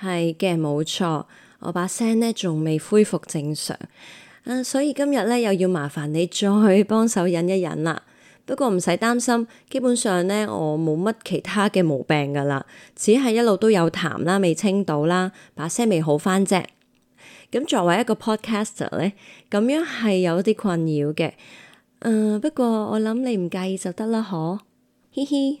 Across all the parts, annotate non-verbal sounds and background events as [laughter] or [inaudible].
係嘅，冇錯。我把聲咧仲未恢復正常啊，所以今日咧又要麻煩你再幫手忍一忍啦。不過唔使擔心，基本上咧我冇乜其他嘅毛病噶啦，只係一路都有痰啦，未清到啦，把聲未好翻啫。咁作為一個 podcaster 咧，咁樣係有啲困擾嘅。誒，不過我諗你唔介意就得啦，嗬，嘻嘻。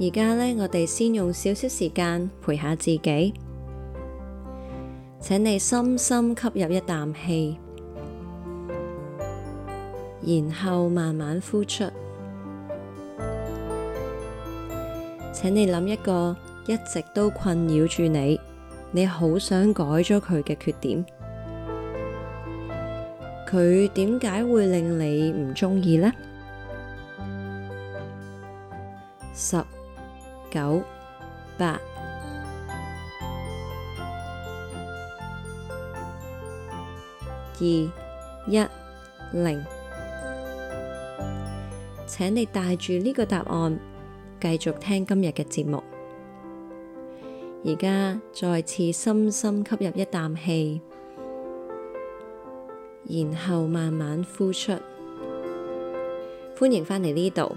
而家呢，我哋先用少少時間陪下自己，請你深深吸入一啖氣，然後慢慢呼出。請你諗一個一直都困擾住你，你好想改咗佢嘅缺點，佢點解會令你唔中意呢？十。九八二一零，請你帶住呢個答案繼續聽今日嘅節目。而家再次深深吸入一啖氣，然後慢慢呼出。歡迎返嚟呢度。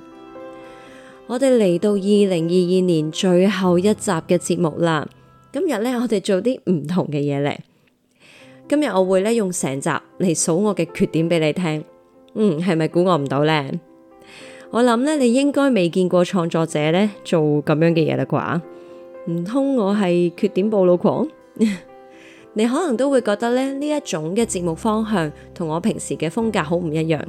我哋嚟到二零二二年最後一集嘅節目啦，今日咧我哋做啲唔同嘅嘢咧。今日我會咧用成集嚟數我嘅缺點俾你聽，嗯，係咪估我唔到咧？我諗咧你應該未見過創作者咧做咁樣嘅嘢啦啩，唔通我係缺點暴露狂？ [laughs] 你可能都會覺得咧呢一種嘅節目方向同我平時嘅風格好唔一樣。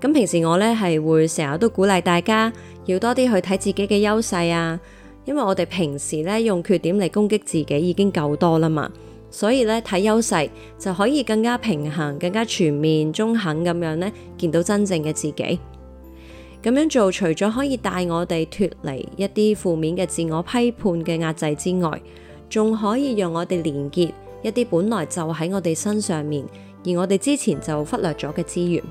咁平時我咧係會成日都鼓勵大家要多啲去睇自己嘅優勢啊，因為我哋平時咧用缺點嚟攻擊自己已經夠多啦嘛，所以咧睇優勢就可以更加平衡、更加全面、中肯咁樣咧見到真正嘅自己。咁樣做除咗可以帶我哋脫離一啲負面嘅自我批判嘅壓制之外，仲可以讓我哋連結一啲本來就喺我哋身上面而我哋之前就忽略咗嘅資源。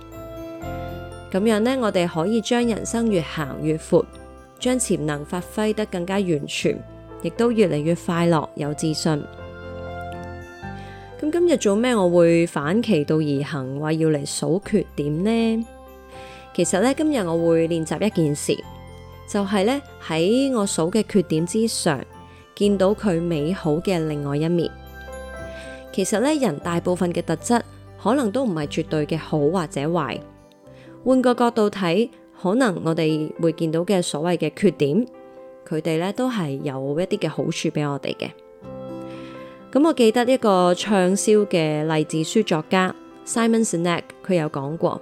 咁樣呢，我哋可以將人生越行越闊，將潛能發揮得更加完全，亦都越嚟越快樂，有自信。咁今日做咩？我會反其道而行，話要嚟數缺點呢？其實咧，今日我會練習一件事，就係咧喺我數嘅缺點之上，見到佢美好嘅另外一面。其實咧，人大部分嘅特質可能都唔係絕對嘅好或者壞。換個角度睇，可能我哋會見到嘅所謂嘅缺點，佢哋咧都係有一啲嘅好處俾我哋嘅。咁我記得一個暢銷嘅勵志書作家 Simon Sinek，佢有講過，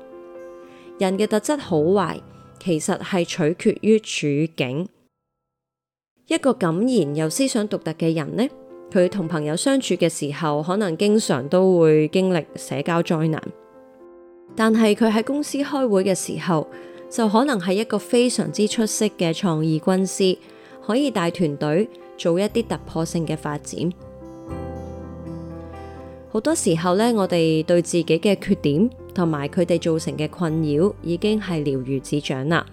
人嘅特質好壞其實係取決於處境。一個敢言又思想獨特嘅人呢，佢同朋友相處嘅時候，可能經常都會經歷社交災難。但係佢喺公司開會嘅時候，就可能係一個非常之出色嘅創意軍師，可以帶團隊做一啲突破性嘅發展。好多時候咧，我哋對自己嘅缺點同埋佢哋造成嘅困擾，已經係了如指掌啦。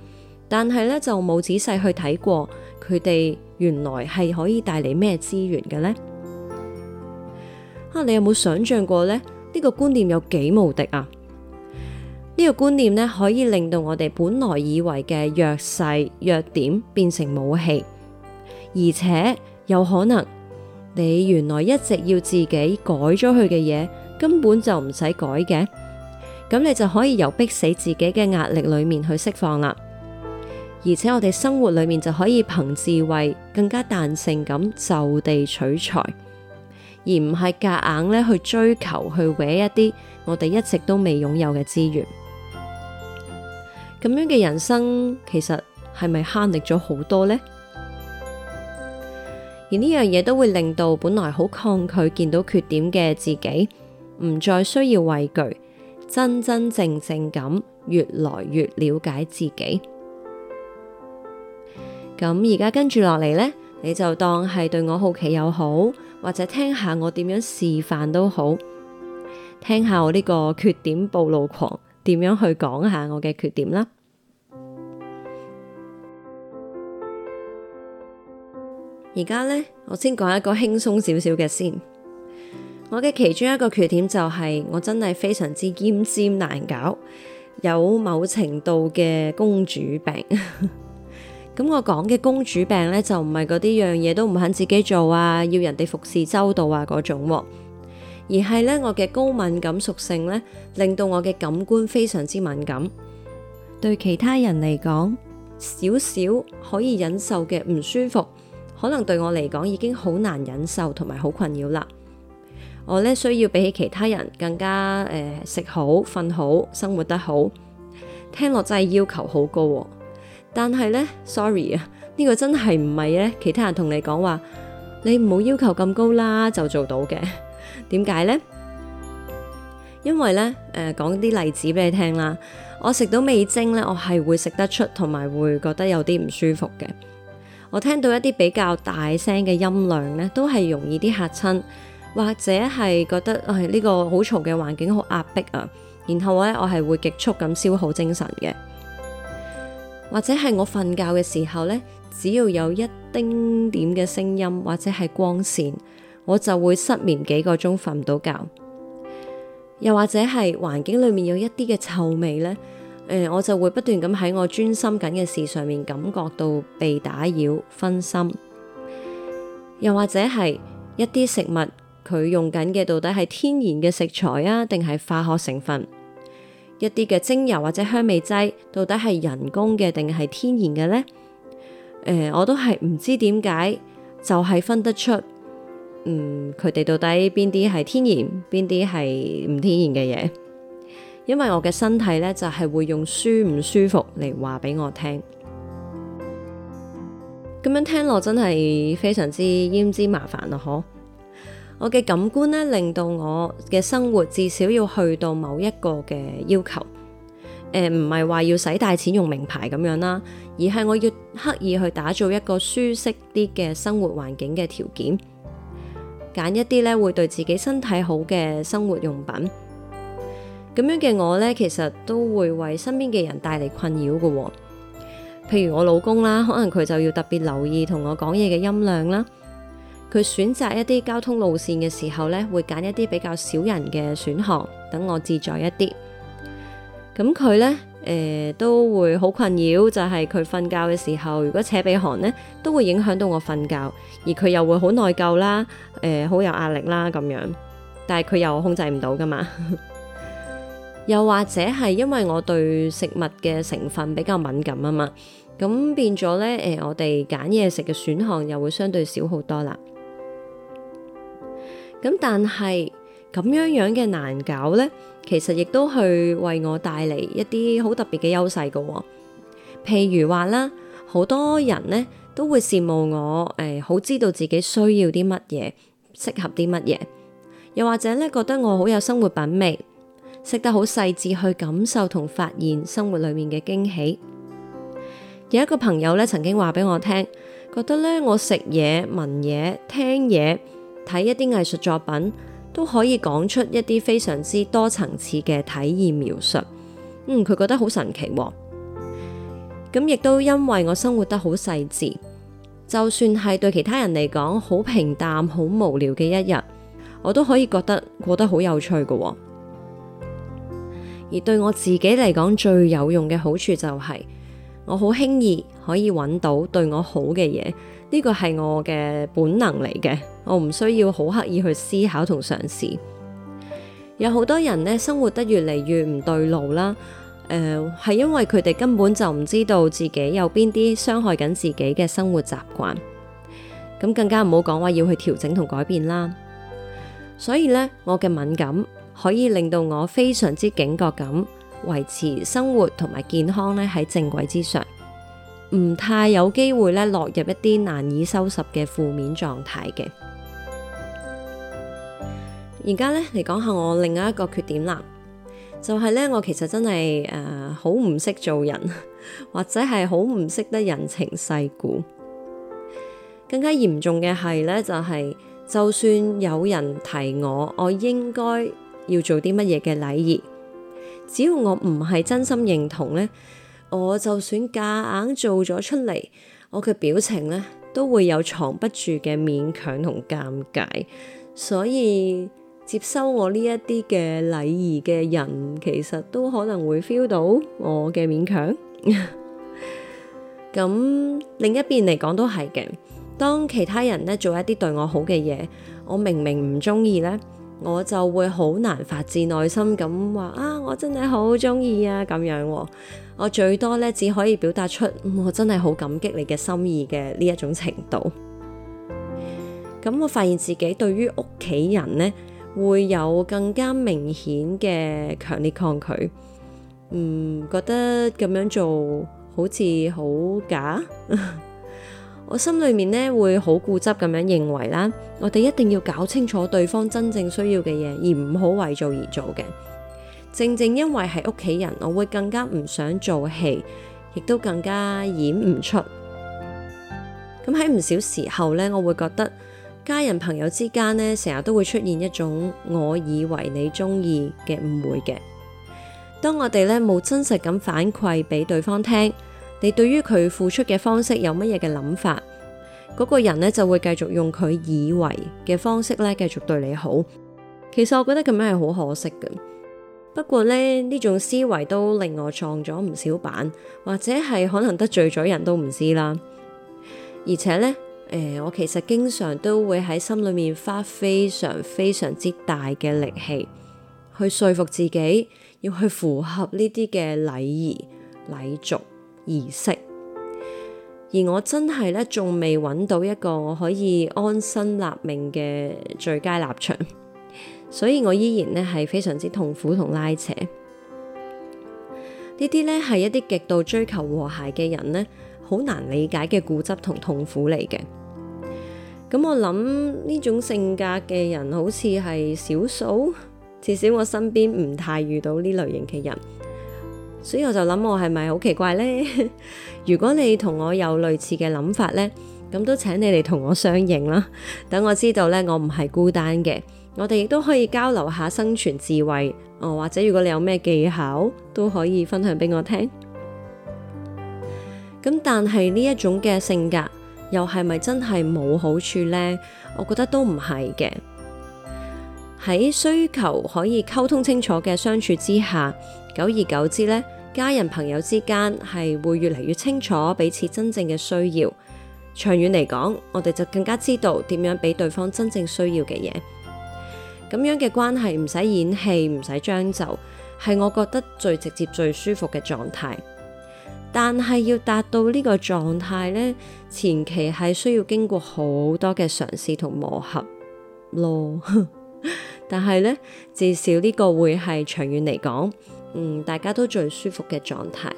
但係咧，就冇仔細去睇過佢哋原來係可以帶嚟咩資源嘅咧。吓、啊，你有冇想象過咧？呢、這個觀念有幾無敵啊！呢個觀念咧，可以令到我哋本來以為嘅弱勢、弱點變成武器，而且有可能你原來一直要自己改咗佢嘅嘢，根本就唔使改嘅，咁你就可以由逼死自己嘅壓力裏面去釋放啦。而且我哋生活裏面就可以憑智慧更加彈性咁就地取材，而唔係夾硬咧去追求去搵一啲我哋一直都未擁有嘅資源。咁樣嘅人生，其實係咪慳力咗好多呢？而呢樣嘢都會令到本來好抗拒見到缺點嘅自己，唔再需要畏懼，真真正正咁越來越了解自己。咁而家跟住落嚟呢，你就當係對我好奇又好，或者聽下我點樣示範都好，聽下我呢個缺點暴露狂。點樣去講下我嘅缺點啦？而家咧，我先講一個輕鬆少少嘅先。我嘅其中一個缺點就係、是、我真係非常之醃尖難搞，有某程度嘅公主病。咁 [laughs] 我講嘅公主病咧，就唔係嗰啲樣嘢都唔肯自己做啊，要人哋服侍周到啊嗰種啊。而係咧，我嘅高敏感屬性咧，令到我嘅感官非常之敏感。對其他人嚟講，少少可以忍受嘅唔舒服，可能對我嚟講已經好難忍受，同埋好困擾啦。我咧需要比起其他人更加誒、呃、食好、瞓好、生活得好，聽落真係要求好高喎。但係咧，sorry 啊，呢個真係唔係咧，其他人同你講話，你唔好要，要求咁高啦，就做到嘅。點解呢？因為咧，誒、呃，講啲例子俾你聽啦。我食到味精咧，我係會食得出，同埋會覺得有啲唔舒服嘅。我聽到一啲比較大聲嘅音量咧，都係容易啲吓親，或者係覺得誒呢、呃呢個好嘈嘅環境好壓迫啊。然後咧，我係會極速咁消耗精神嘅，或者係我瞓覺嘅時候咧，只要有一丁點嘅聲音或者係光線。我就會失眠幾個鐘，瞓唔到覺。又或者係環境裡面有一啲嘅臭味咧，誒、呃，我就會不斷咁喺我專心緊嘅事上面感覺到被打擾、分心。又或者係一啲食物佢用緊嘅到底係天然嘅食材啊，定係化學成分？一啲嘅精油或者香味劑到底係人工嘅定係天然嘅咧？誒、呃，我都係唔知點解，就係、是、分得出。嗯，佢哋到底邊啲係天然，邊啲係唔天然嘅嘢？因為我嘅身體咧就係、是、會用舒唔舒服嚟話俾我聽。咁樣聽落真係非常之焉知麻煩咯。嗬，我嘅感官咧令到我嘅生活至少要去到某一個嘅要求。誒、呃，唔係話要使大錢用名牌咁樣啦，而係我要刻意去打造一個舒適啲嘅生活環境嘅條件。揀一啲咧會對自己身體好嘅生活用品，咁樣嘅我咧，其實都會為身邊嘅人帶嚟困擾嘅喎。譬如我老公啦，可能佢就要特別留意同我講嘢嘅音量啦。佢選擇一啲交通路線嘅時候咧，會揀一啲比較少人嘅選項，等我自在一啲。咁佢咧。誒、呃，都會好困擾，就係佢瞓覺嘅時候，如果扯鼻鼾咧，都會影響到我瞓覺，而佢又會好內疚啦，誒、呃，好有壓力啦咁樣，但係佢又控制唔到㗎嘛， [laughs] 又或者係因為我對食物嘅成分比較敏感啊嘛，咁變咗咧，誒、呃，我哋揀嘢食嘅選項又會相對少好多啦，咁但係咁樣樣嘅難搞咧，其實亦都去為我帶嚟一啲好特別嘅優勢嘅喎、哦，譬如話啦，好多人咧都會羨慕我，誒、呃，好知道自己需要啲乜嘢，適合啲乜嘢，又或者咧覺得我好有生活品味，識得好細緻去感受同發現生活裡面嘅驚喜。有一個朋友咧曾經話俾我聽，覺得咧我食嘢、聞嘢、聽嘢、睇一啲藝術作品。都可以講出一啲非常之多層次嘅體驗描述。嗯，佢覺得好神奇喎。咁亦都因為我生活得好細緻，就算係對其他人嚟講好平淡，好無聊嘅一日，我都可以覺得過得好有趣㗎喎。而對我自己嚟講，最有用嘅好處就係、是，我好輕易可以揾到對我好嘅嘢。呢個係我嘅本能嚟嘅，我唔需要好刻意去思考同嘗試。有好多人咧，生活得越嚟越唔對路啦。誒、呃，係因為佢哋根本就唔知道自己有邊啲傷害緊自己嘅生活習慣。咁更加唔好講話要去調整同改變啦。所以呢，我嘅敏感可以令到我非常之警覺咁維持生活同埋健康咧，喺正軌之上。唔太有機會咧，落入一啲難以收拾嘅負面狀態嘅。而家咧，嚟講下我另外一個缺點啦，就係咧，我其實真係誒好唔識做人，或者係好唔識得人情世故。更加嚴重嘅係咧，就係就算有人提我，我應該要做啲乜嘢嘅禮儀，只要我唔係真心認同咧。我就算夾硬做咗出嚟，我嘅表情咧都會有藏不住嘅勉強同尷尬，所以接收我呢一啲嘅禮儀嘅人，其實都可能會 feel 到我嘅勉強。咁 [laughs] 另一邊嚟講都係嘅，當其他人咧做一啲對我好嘅嘢，我明明唔中意咧。我就會好難發自內心咁話啊，我真係好中意啊咁樣，我最多咧只可以表達出、嗯、我真係好感激你嘅心意嘅呢一種程度。咁、嗯、我發現自己對於屋企人呢，會有更加明顯嘅強烈抗拒，唔、嗯、覺得咁樣做好似好假。 [laughs] 我心裏面咧會好固執咁樣認為啦，我哋一定要搞清楚對方真正需要嘅嘢，而唔好為做而做嘅。正正因為係屋企人，我會更加唔想做戲，亦都更加演唔出。咁喺唔少時候咧，我會覺得家人朋友之間呢，成日都會出現一種我以為你中意嘅誤會嘅。當我哋咧冇真實咁反饋俾對方聽。你對於佢付出嘅方式有乜嘢嘅諗法？嗰、那個人咧就會繼續用佢以為嘅方式咧繼續對你好。其實我覺得咁樣係好可惜嘅。不過咧，呢種思維都令我撞咗唔少板，或者係可能得罪咗人都唔知啦。而且咧，誒、呃，我其實經常都會喺心裏面花非常非常之大嘅力氣去說服自己要去符合呢啲嘅禮儀禮俗。儀式，而我真係咧，仲未搵到一個我可以安身立命嘅最佳立場，所以我依然咧係非常之痛苦同拉扯。呢啲，咧係一啲極度追求和諧嘅人咧，好難理解嘅固執同痛苦嚟嘅。咁我諗呢種性格嘅人好似係少數，至少我身邊唔太遇到呢類型嘅人。所以我就諗我係咪好奇怪呢？ [laughs] 如果你同我有類似嘅諗法咧，咁都請你嚟同我相應啦。等我知道咧，我唔係孤單嘅。我哋亦都可以交流下生存智慧。哦，或者如果你有咩技巧，都可以分享俾我聽。咁但係呢一種嘅性格，又係咪真係冇好處咧？我覺得都唔係嘅。喺，需求可以溝通清楚嘅相處之下。久而久之咧，家人朋友之間係會越嚟越清楚彼此真正嘅需要。長遠嚟講，我哋就更加知道點樣俾對方真正需要嘅嘢。咁樣嘅關係唔使演戲，唔使將就，係我覺得最直接、最舒服嘅狀態。但係要達到呢個狀態咧，前期係需要經過好多嘅嘗試同磨合咯。 [laughs] 但係咧，至少呢個會係長遠嚟講。嗯，大家都最舒服嘅狀態。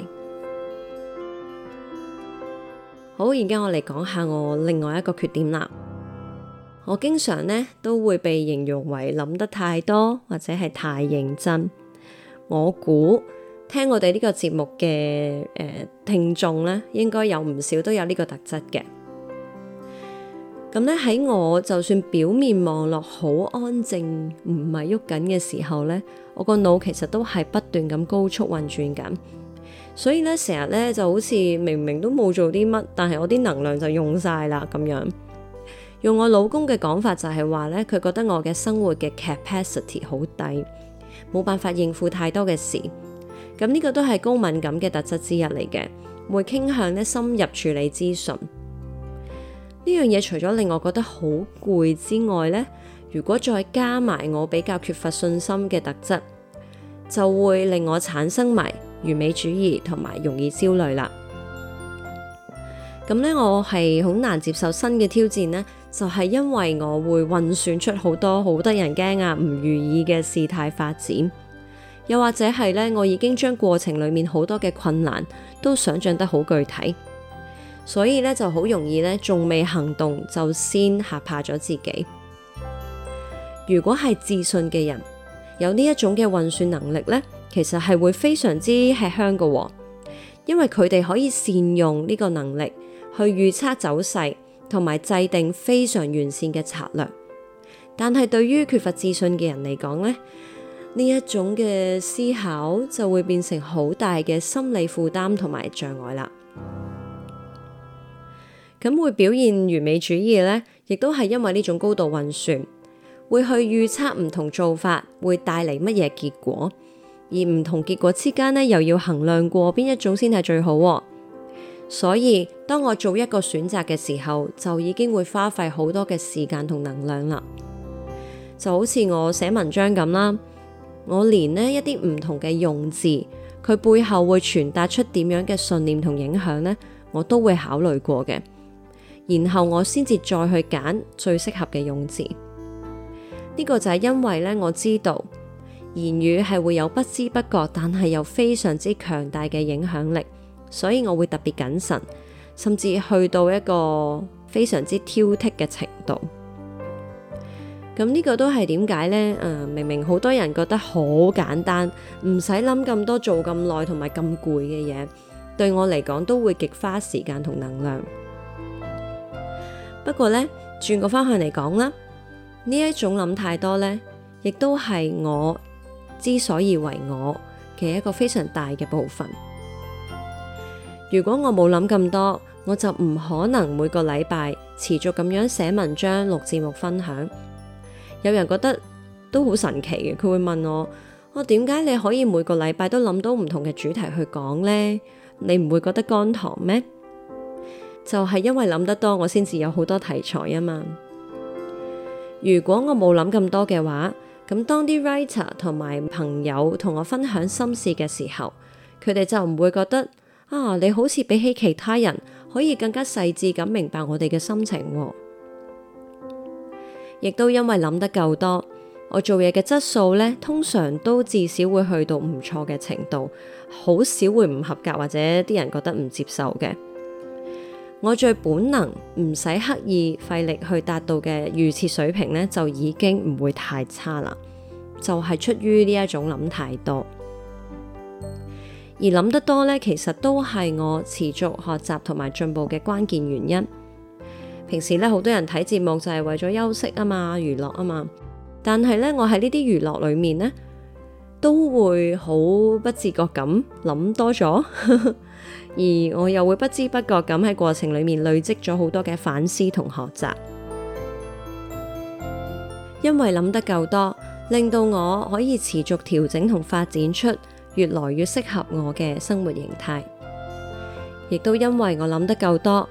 好，而家我嚟講下我另外一個缺點啦。我經常呢都會被形容為諗得太多，或者係太認真。我估聽我哋、呃、呢個節目嘅誒聽眾呢，應該有唔少都有呢個特質嘅。咁咧，喺我就算表面望落好安靜，唔係喐緊嘅時候咧，我個腦其實都係不斷咁高速運轉緊，所以咧成日咧就好似明明都冇做啲乜，但係我啲能量就用晒啦咁樣。用我老公嘅講法就係話咧，佢覺得我嘅生活嘅 capacity 好低，冇辦法應付太多嘅事。咁呢個都係高敏感嘅特質之一嚟嘅，會傾向咧深入處理資訊。呢樣嘢除咗令我覺得好攰之外咧，如果再加埋我比較缺乏信心嘅特質，就會令我產生埋完、完美主義同埋容易焦慮啦。咁咧，我係好難接受新嘅挑戰咧，就係、是、因為我會運算出好多好得人驚啊唔如意嘅事態發展，又或者係咧，我已經將過程裏面好多嘅困難都想象得好具體。所以咧就好容易咧，仲未行動就先嚇怕咗自己。如果係自信嘅人，有呢一種嘅運算能力咧，其實係會非常之吃香嘅喎，因為佢哋可以善用呢個能力去預測走勢，同埋制定非常完善嘅策略。但係對於缺乏自信嘅人嚟講咧，呢一種嘅思考就會變成好大嘅心理負擔同埋障礙啦。咁會表現完美主義咧，亦都係因為呢種高度運算會去預測唔同做法會帶嚟乜嘢結果，而唔同結果之間咧又要衡量過邊一種先係最好。所以當我做一個選擇嘅時候，就已經會花費好多嘅時間同能量啦。就好似我寫文章咁啦，我連呢一啲唔同嘅用字，佢背後會傳達出點樣嘅信念同影響咧，我都會考慮過嘅。然後我先至再去揀最適合嘅用字，呢個就係因為咧，我知道言語係會有不知不覺，但係又非常之強大嘅影響力，所以我會特別謹慎，甚至去到一個非常之挑剔嘅程度。咁呢個都係點解呢？誒，明明好多人覺得好簡單，唔使諗咁多，做咁耐同埋咁攰嘅嘢，對我嚟講都會極花時間同能量。不過咧，轉個方向嚟講啦，呢一種諗太多咧，亦都係我之所以為我嘅一個非常大嘅部分。如果我冇諗咁多，我就唔可能每個禮拜持續咁樣寫文章、錄節目、分享。有人覺得都好神奇嘅，佢會問我：我點解你可以每個禮拜都諗到唔同嘅主題去講咧？你唔會覺得乾塘咩？就係因為諗得多，我先至有好多題材啊嘛。如果我冇諗咁多嘅話，咁當啲 writer 同埋朋友同我分享心事嘅時候，佢哋就唔會覺得啊，你好似比起其他人，可以更加細致咁明白我哋嘅心情。亦都因為諗得夠多，我做嘢嘅質素呢，通常都至少會去到唔錯嘅程度，好少會唔合格或者啲人覺得唔接受嘅。我最本能唔使刻意費力去達到嘅預設水平咧，就已經唔會太差啦。就係、是、出於呢一種諗太多，而諗得多咧，其實都係我持續學習同埋進步嘅關鍵原因。平時咧，好多人睇節目就係為咗休息啊嘛，娛樂啊嘛，但係咧，我喺呢啲娛樂裏面咧，都會好不自覺咁諗多咗。 [laughs] 而我又會不知不覺咁喺過程裏面累積咗好多嘅反思同學習，因為諗得夠多，令到我可以持續調整同發展出越來越適合我嘅生活形態。亦都因為我諗得夠多，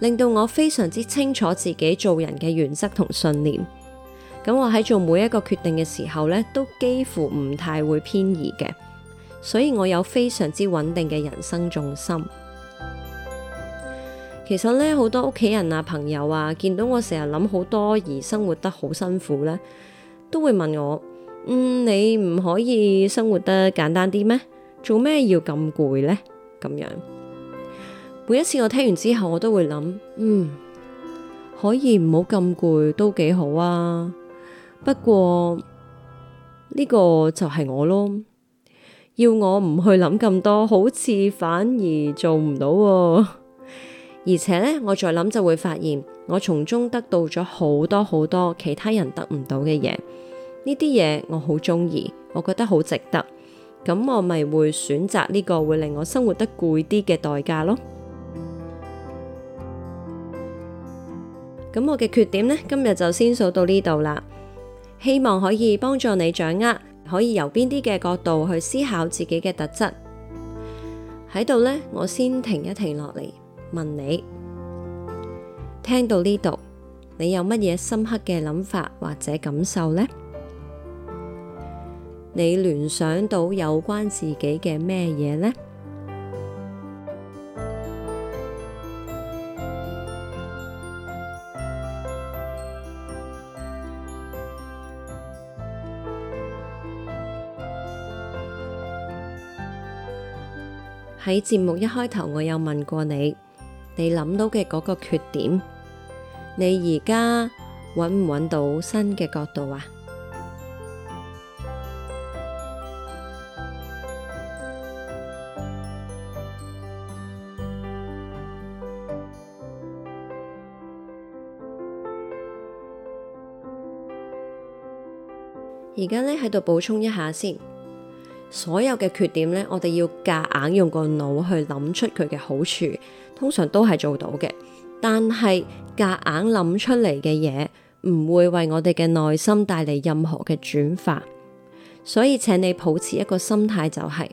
令到我非常之清楚自己做人嘅原則同信念，咁我喺做每一個決定嘅時候呢，都幾乎唔太會偏移嘅。所以我有非常之穩定嘅人生重心。其實咧，好多屋企人啊、朋友啊，見到我成日諗好多而生活得好辛苦咧，都會問我：，嗯，你唔可以生活得簡單啲咩？做咩要咁攰咧？咁樣每一次我聽完之後，我都會諗：，嗯，可以唔好咁攰都幾好啊。不過呢個就係我咯。要我唔去諗咁多，好似反而做唔到。 [laughs] 而且咧，我再諗就會發現，我從中得到咗好多好多其他人得唔到嘅嘢。呢啲嘢我好中意，我覺得好值得。咁我咪會選擇呢個會令我生活得攰啲嘅代價咯。咁 [music] 我嘅缺點呢，今日就先數到呢度啦。希望可以幫助你掌握，可以由邊啲嘅角度去思考自己嘅特質？喺度呢，我先停一停落嚟，問你，聽到呢度，你有乜嘢深刻嘅諗法或者感受呢？你聯想到有關自己嘅咩嘢呢？喺節目一開頭，我有問過你，你諗到嘅嗰個缺點，你而家搵唔搵到新嘅角度啊？而家呢，喺度補充一下先。所有嘅缺點咧，我哋要夾硬用個腦去諗出佢嘅好處，通常都係做到嘅。但係夾硬諗出嚟嘅嘢，唔會為我哋嘅內心帶嚟任何嘅轉化。所以請你保持一個心態，就是，就係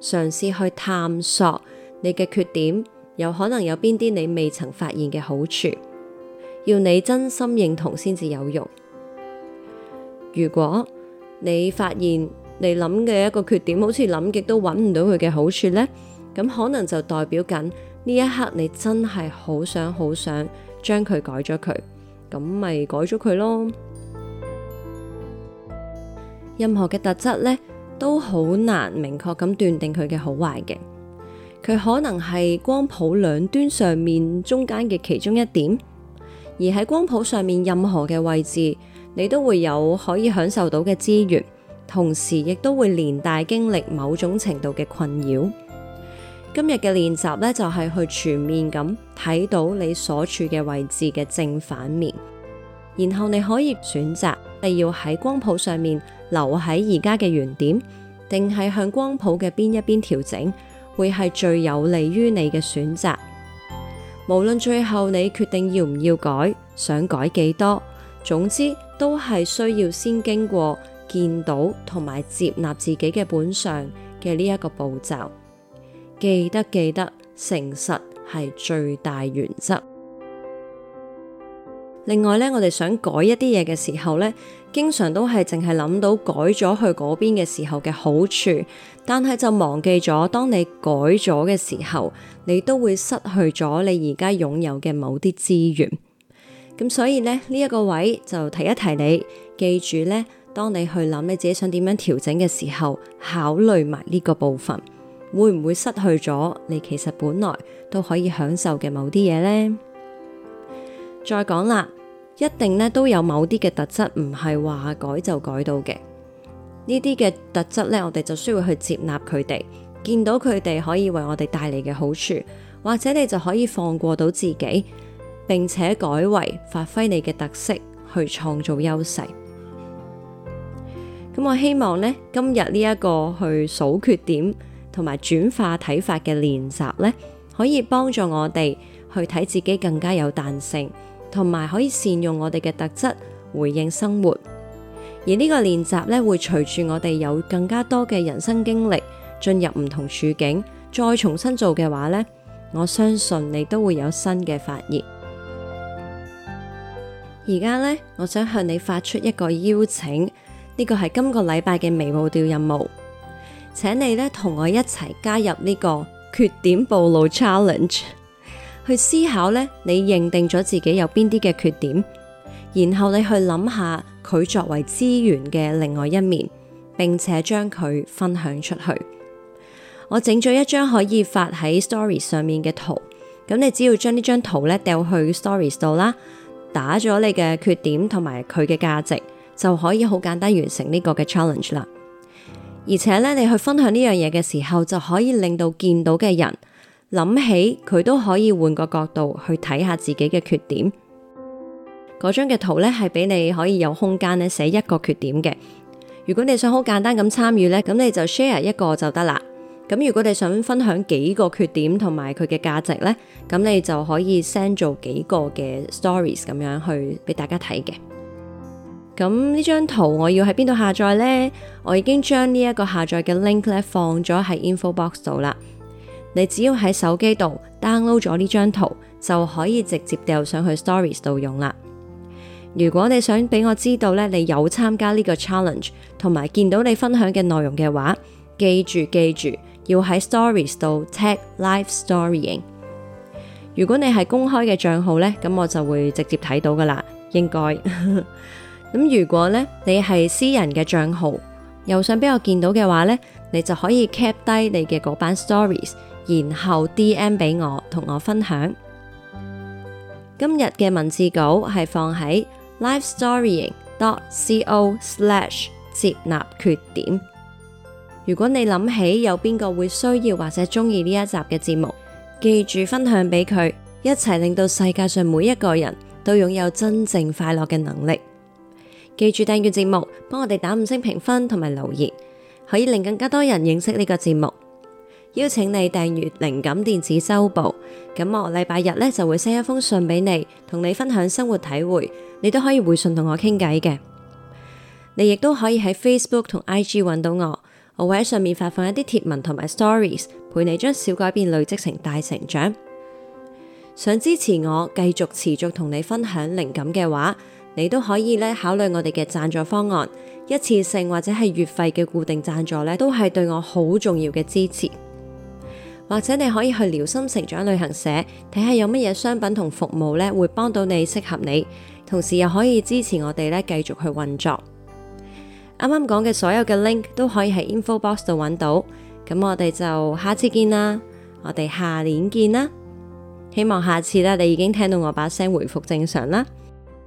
嘗試去探索你嘅缺點，有可能有邊啲你未曾發現嘅好處。要你真心認同先至有用。如果你發現，你諗嘅一個缺點，好似諗極都揾唔到佢嘅好處咧，咁可能就代表緊呢一刻你真係好想好想將佢改咗佢，咁咪改咗佢咯。任何嘅特質咧，都好難明確咁斷定佢嘅好壞嘅，佢可能係光譜兩端上面中間嘅其中一點，而喺光譜上面任何嘅位置，你都會有可以享受到嘅資源。同時亦都會連帶經歷某種程度嘅困擾。今日嘅練習咧，就係去全面咁睇到你所處嘅位置嘅正反面，然後你可以選擇係要喺光譜上面留喺而家嘅原點，定係向光譜嘅邊一邊調整，會係最有利於你嘅選擇。無論最後你決定要唔要改，想改幾多，總之都係需要先經過。見到同埋接納自己嘅本相嘅呢一個步驟，記得記得誠實係最大原則。另外咧，我哋想改一啲嘢嘅時候咧，經常都係淨係諗到改咗去嗰邊嘅時候嘅好處，但係就忘記咗當你改咗嘅時候，你都會失去咗你而家擁有嘅某啲資源。咁所以咧，呢一個位就提一提你，記住咧。當你去諗你自己想點樣調整嘅時候，考慮埋呢個部分，會唔會失去咗你其實本來都可以享受嘅某啲嘢呢？再講啦，一定咧都有某啲嘅特質，唔係話改就改到嘅。呢啲嘅特質咧，我哋就需要去接納佢哋，見到佢哋可以為我哋帶嚟嘅好處，或者你就可以放過到自己，並且改為發揮你嘅特色，去創造優勢。咁我希望咧，今日呢一個去數缺點同埋轉化睇法嘅練習咧，可以幫助我哋去睇自己更加有彈性，同埋可以善用我哋嘅特質回應生活。而呢個練習咧，會隨住我哋有更加多嘅人生經歷，進入唔同處境，再重新做嘅話咧，我相信你都會有新嘅發現。而家咧，我想向你發出一個邀請。呢個係今個禮拜嘅微步調任務，請你咧同我一齊加入呢個缺點暴露 challenge，去思考咧你認定咗自己有邊啲嘅缺點，然後你去諗下佢作為資源嘅另外一面，並且將佢分享出去。我整咗一張可以發喺 story 上面嘅圖，咁你只要將呢張圖咧掉去 story 度啦，打咗你嘅缺點同埋佢嘅價值。就可以好簡單完成呢個嘅 challenge 啦，而且咧你去分享呢樣嘢嘅時候，就可以令到見到嘅人諗起佢都可以換個角度去睇下自己嘅缺點。嗰張嘅圖咧係俾你可以有空間咧寫一個缺點嘅。如果你想好簡單咁參與咧，咁你就 share 一個就得啦。咁如果你想分享幾個缺點同埋佢嘅價值咧，咁你就可以 send 做幾個嘅 stories 咁樣去俾大家睇嘅。咁呢張圖我要喺邊度下載呢？我已經將呢一個下載嘅 link 咧放咗喺 info box 度啦。你只要喺手機度 download 咗呢張圖，就可以直接掉上去 stories 度用啦。如果你想俾我知道咧，你有參加呢個 challenge，同埋見到你分享嘅內容嘅話，記住記住要喺 stories 度 tag Life Storying。如果你係公開嘅賬號咧，咁我就會直接睇到噶啦應該。 [laughs] 咁如果呢，你係私人嘅賬號，又想俾我見到嘅話，呢你就可以 cap 低你嘅嗰班 stories，然後 DM 俾我，同我分享。今日嘅文字稿係放喺 lifestorying.co/slash 接納缺點。如果你諗起有邊個會需要或者鍾意呢一集嘅節目，記住分享俾佢，一齊令到世界上每一個人都擁有真正快樂嘅能力。記住訂閱節目，幫我哋打五星評分同埋留言，可以令更加多人認識呢個節目。邀請你訂閱靈感電子週報，咁我禮拜日咧就會寫一封信俾你，同你分享生活體會。你都可以回信同我傾偈嘅。你亦都可以喺 Facebook 同 IG 搵到我，我會喺上面發放一啲貼文同埋 Stories，陪你將小改變累積成大成長。想支持我繼續持續同你分享靈感嘅話，你都可以咧考慮我哋嘅贊助方案，一次性或者係月費嘅固定贊助咧，都係對我好重要嘅支持。或者你可以去療心成長旅行社睇下有乜嘢商品同服務咧，會幫到你適合你，同時又可以支持我哋咧繼續去運作。啱啱講嘅所有嘅 link 都可以喺 info box 度揾到。咁我哋就下次見啦，我哋下年見啦。希望下次咧你已經聽到我把聲回復正常啦。